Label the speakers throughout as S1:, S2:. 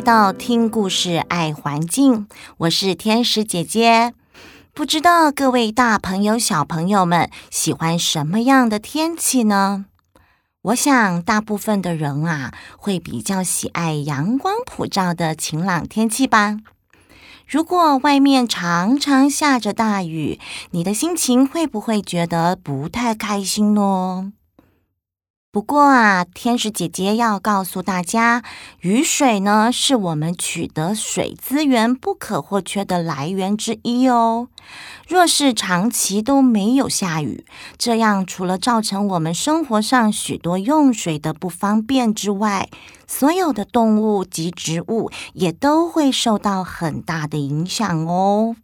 S1: 來到聽故事愛環境，我是天使姐姐。不知道各位大朋友小朋友們喜歡什麼樣的天氣呢？我想大部分的人啊，會比較喜愛陽光普照的晴朗天氣吧。如果外面常常下着大雨，你的心情會不會覺得不太開心呢？不過啊，天使姐姐要告訴大家，雨水呢是我們取得水資源不可或缺的來源之一哦。若是長期都沒有下雨，這樣除了造成我們生活上許多用水的不方便之外，所有的動物及植物也都會受到很大的影響哦。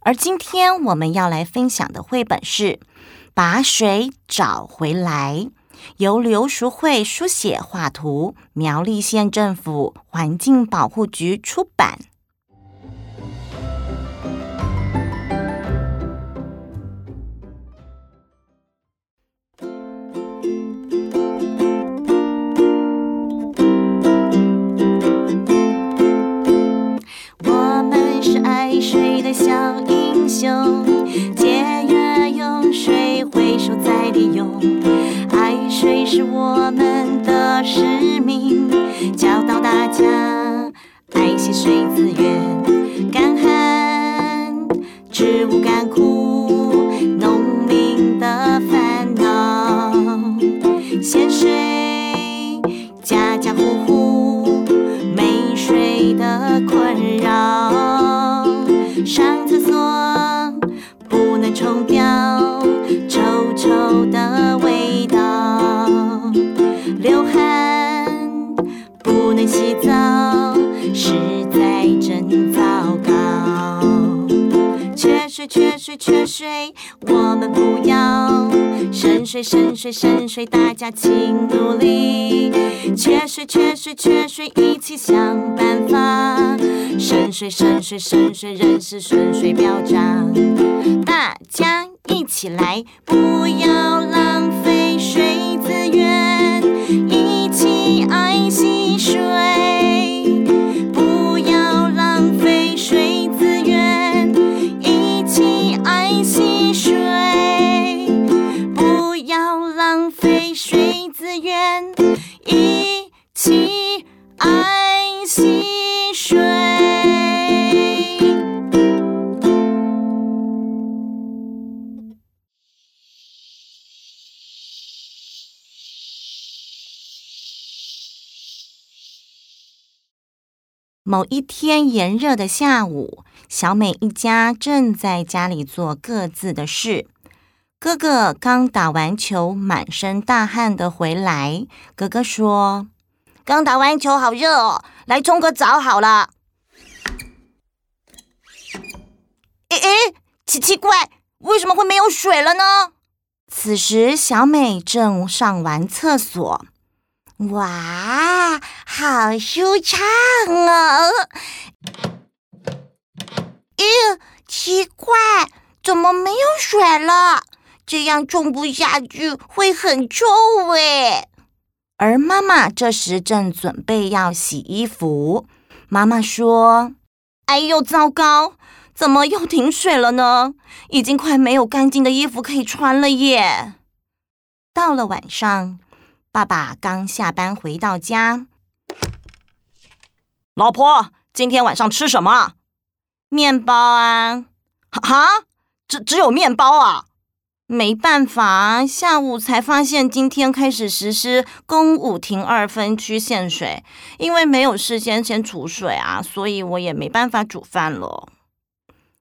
S1: 而今天我們要來分享的繪本是《把水找回來》。由劉淑慧書寫、畫圖，苗栗縣政府環境保護局出版。你的困擾，上廁所不能沖掉臭臭的味道，流汗不能洗澡，實在真糟糕。
S2: 缺水，缺水，缺
S1: 水，我們不要；省水，省水，省水，大家請努力。缺水，缺水，缺水，一起想辦法。省水，省水，省水，人是順水漂賬。大家一起來，不要浪費水資源，一起愛惜水。某一天炎熱的下午，小美一家正在家裡做各自的事。哥哥剛打完球，滿身大汗的回來。哥哥說：“剛打完球，好熱哦，來沖個澡好了。”誒，誒，誒，奇奇怪，為什麼會沒有水了呢？此時，小美正上完廁所。哇，好舒暢哦、啊！嗯、哎、奇怪，怎麼沒有水了？這樣沖不下去，會很臭誒。而媽媽這時正準備要洗衣服，媽媽說：“哎呦，糟糕，怎麼又停水了呢？已經快沒有乾淨的衣服可以穿了耶！”到了晚上。爸爸剛下班回到家，老婆，今天晚上吃什麼？麵包啊？哈，只只有麵包啊？沒辦法，下午才發現今天開始實施供五停二分區限水，因為沒有事先先儲水啊，所以我也沒辦法煮飯了。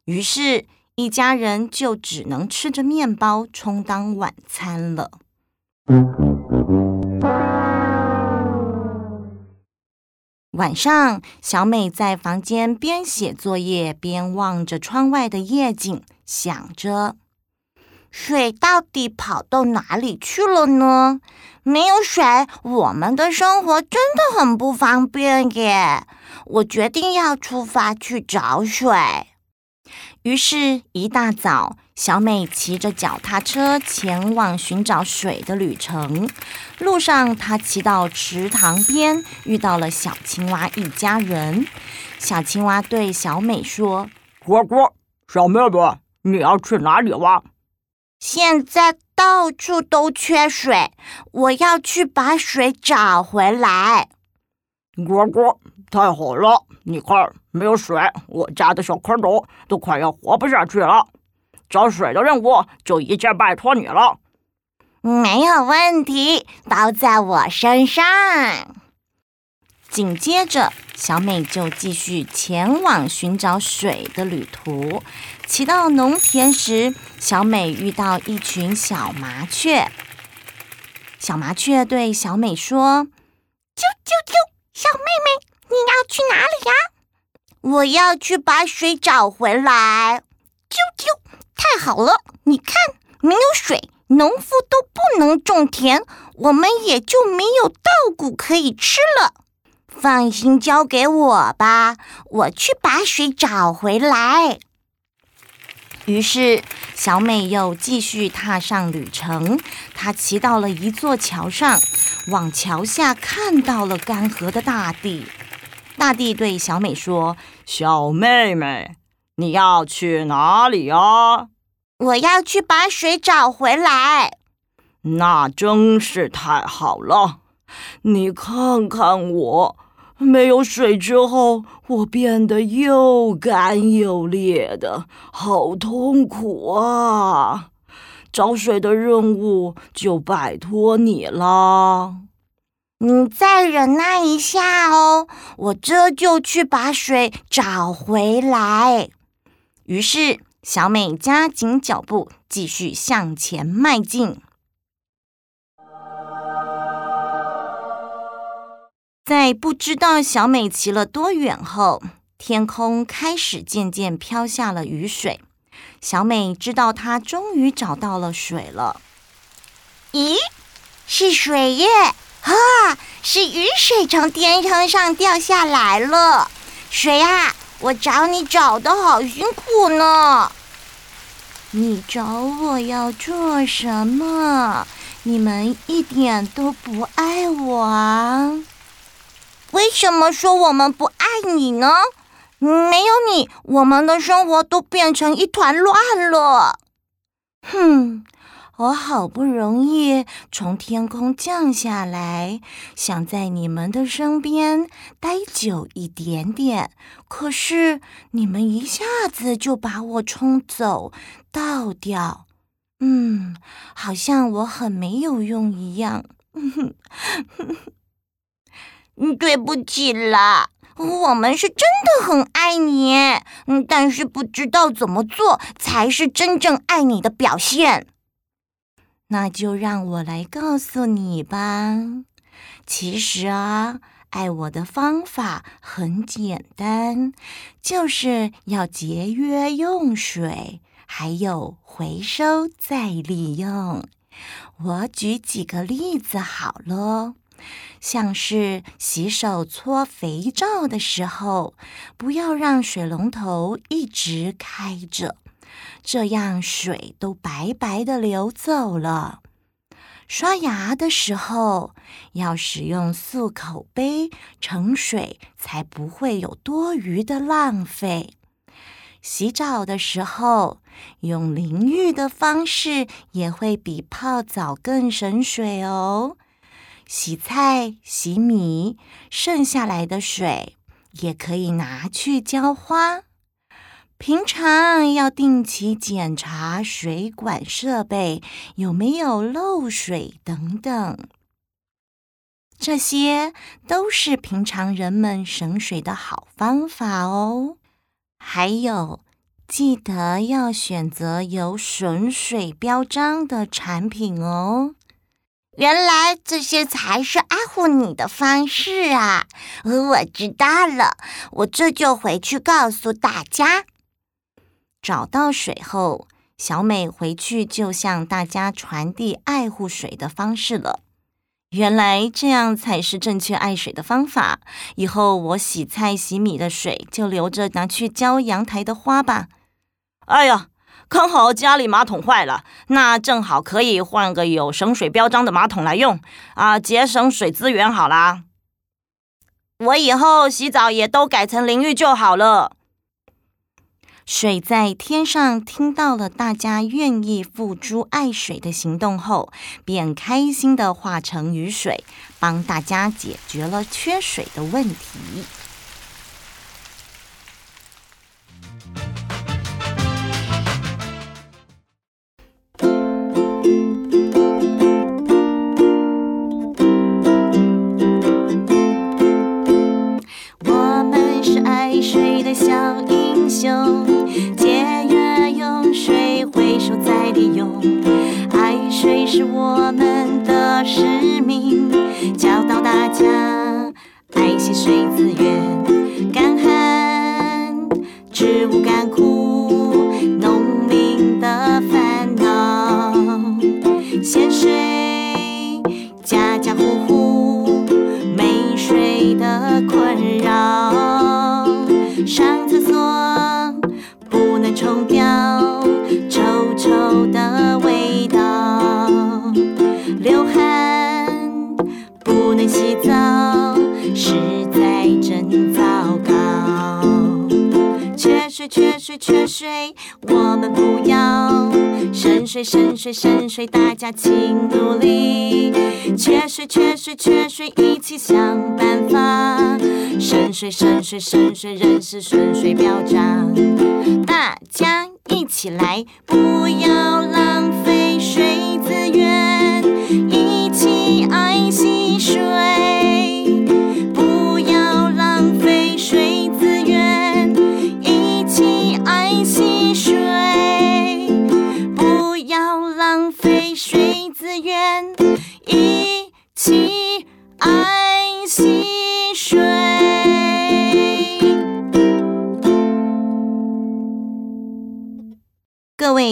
S1: 於是，一家人就只能吃着麵包充當晚餐了。嗯晚上，小美在房間邊寫作業邊望着窗外的夜景，想着：“水到底跑到哪裡去了呢？沒有水，我們的生活真的很不方便耶。我決定要出發去找水。”於是，一大早，小美騎着腳踏車前往尋找水的旅程。路上，她騎到池塘邊，遇到了小青蛙一家人。小青蛙對小美說：“果果，小妹妹，你要去哪裡挖？現在到處都缺水，我要去把水找回來。哥哥”果果，太好了，你看。沒有水，我家的小蝌蚪都快要活不下去了。找水的任務就一切拜託你了。沒有問題，包在我身上。緊接着，小美就繼續前往尋找水的旅途。騎到農田時，小美遇到一群小麻雀。小麻雀對小美說：“啾啾啾，小妹妹，你要去哪裡呀，啊？”我要去把水找回來。啾啾，太好了！你看，沒有水，農夫都不能種田，我們也就沒有稻谷可以吃了。放心，交給我吧，我去把水找回來。於是，小美又繼續踏上旅程。她騎到了一座橋上，往橋下看到了乾涸的大地。大地對小美說：“小妹妹，你要去哪裡啊？我要去把水找回來。那真是太好了。你看看我，沒有水之後，我變得又乾又裂的，好痛苦啊！找水的任務就拜托你了。”你再忍耐一下哦，我這就去把水找回來。於是，小美加緊腳步，繼續向前邁進。在不知道小美騎了多遠後，天空開始漸漸飄下了雨水。小美知道，她終於找到了水了。咦？是水耶！啊！是雨水從天上掉下來了。誰呀？我找你找得好辛苦呢。你找我要做什麼？你們一點都不愛我啊。為什麼說我們不愛你呢？沒有你，我們的生活都變成一團亂了。哼。我好不容易從天空降下來，想在你們的身邊待久一點點，可是你們一下子就把我沖走、倒掉，嗯，好像我很沒有用一樣。嗯哼，對不起了，我們是真的很愛你，嗯，但是不知道怎麼做才是真正愛你的表現。那就讓我來告訴你吧。其實啊，愛水的方法很簡單，就是要節約用水，還有回收再利用。我舉幾個例子好了，像是洗手搓肥皂的時候，不要讓水龍頭一直開着。這樣水都白白的流走了。刷牙的時候要使用漱口杯盛水，才不會有多餘的浪費。洗澡的時候用淋浴的方式，也會比泡澡更省水哦。洗菜、洗米，剩下來的水也可以拿去澆花。平常要定期檢查水管設備有沒有漏水等等，這些都是平常人們省水的好方法哦。還有，記得要選擇有省水標章的產品哦。原來這些才是愛護你的方式啊！我知道了，我這就回去告訴大家。找到水後，小美回去就向大家傳遞愛護水的方式了。原來這樣才是正確愛水的方法。以後我洗菜洗米的水就留着拿去澆陽台的花吧。哎呀，剛好家裡馬桶壞了，那正好可以換個有省水標章的馬桶來用啊，節省水資源好啦。我以後洗澡也都改成淋浴就好了。水在天上聽到了大家願意付出愛水的行動後，便開心地化成雨水，幫大家解決了缺水的問題。省水，水，水，水，大家請努力。缺水，缺水，缺水，一起想辦法。省水，省水，省水，認識省水標章，大家一起來，不要浪費水資源。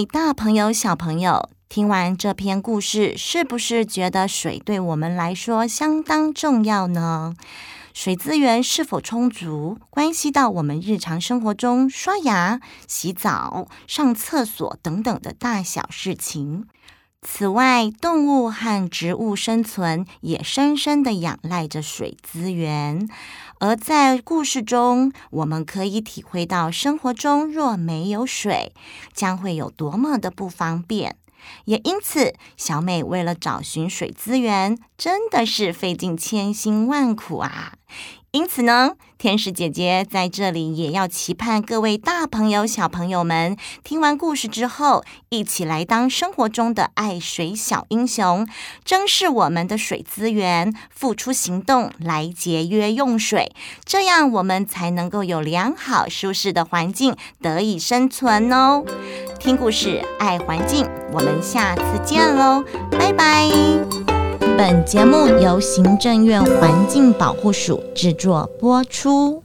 S1: 大朋友、小朋友，聽完這篇故事，是不是覺得水對我們來說相當重要呢？水資源是否充足，關係到我們日常生活中刷牙、洗澡、上廁所等等的大小事情。此外，動物和植物生存也深深的仰賴着水資源。而在故事中，我們可以體會到生活中若沒有水，將會有多麼的不方便。也因此，小美為了找尋水資源，真的是費盡千辛萬苦啊。因此呢，天使姐姐在這裡也要期盼各位大朋友、小朋友們聽完故事之後，一起來當生活中的愛水小英雄，珍視我們的水資源，付出行動來節約用水，這樣我們才能夠有良好舒適的環境得以生存哦。聽故事，愛環境，我們下次見嘍，哦，拜拜。本節目由行政院環境保護署制作播出。